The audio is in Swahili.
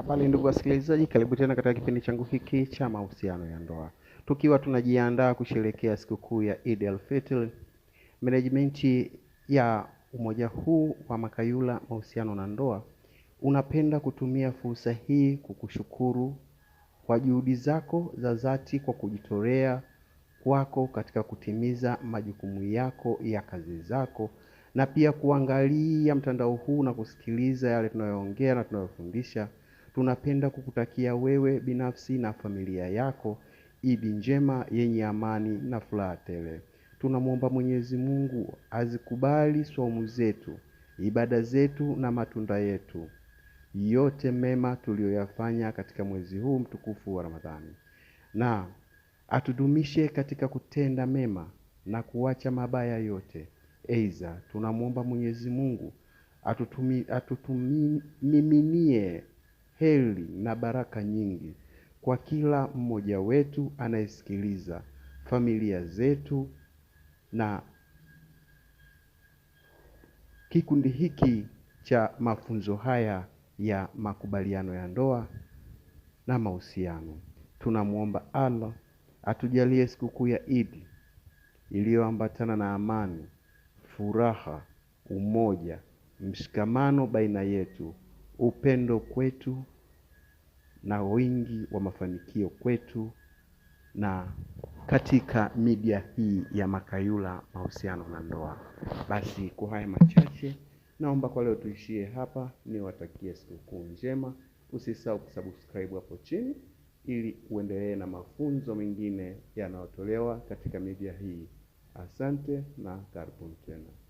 Habari ndugu wasikilizaji, karibu tena katika kipindi changu hiki cha mahusiano ya ndoa. Tukiwa tunajiandaa kusherehekea sikukuu ya Eid al-Fitr, management ya umoja huu wa Makayula mahusiano na ndoa unapenda kutumia fursa hii kukushukuru kwa juhudi zako za dhati kwa kujitolea kwako katika kutimiza majukumu yako ya kazi zako na pia kuangalia mtandao huu na kusikiliza yale tunayoongea na tunayofundisha tunapenda kukutakia wewe binafsi na familia yako Idi njema yenye amani na furaha tele. Tunamwomba Mwenyezi Mungu azikubali saumu zetu, ibada zetu na matunda yetu yote mema tuliyoyafanya katika mwezi huu mtukufu wa Ramadhani, na atudumishe katika kutenda mema na kuacha mabaya yote. Eiza, tunamwomba Mwenyezi Mungu atutumiminie heri na baraka nyingi kwa kila mmoja wetu anayesikiliza, familia zetu na kikundi hiki cha mafunzo haya ya makubaliano ya ndoa na mahusiano. Tunamwomba Allah atujalie sikukuu ya Idi iliyoambatana na amani, furaha, umoja, mshikamano baina yetu upendo kwetu na wingi wa mafanikio kwetu na katika media hii ya Makayula mahusiano na ndoa. Basi kwa haya machache, naomba kwa leo tuishie hapa. Niwatakie sikukuu njema. Usisahau kusubscribe hapo chini ili uendelee na mafunzo mengine yanayotolewa katika media hii. Asante na karibuni tena.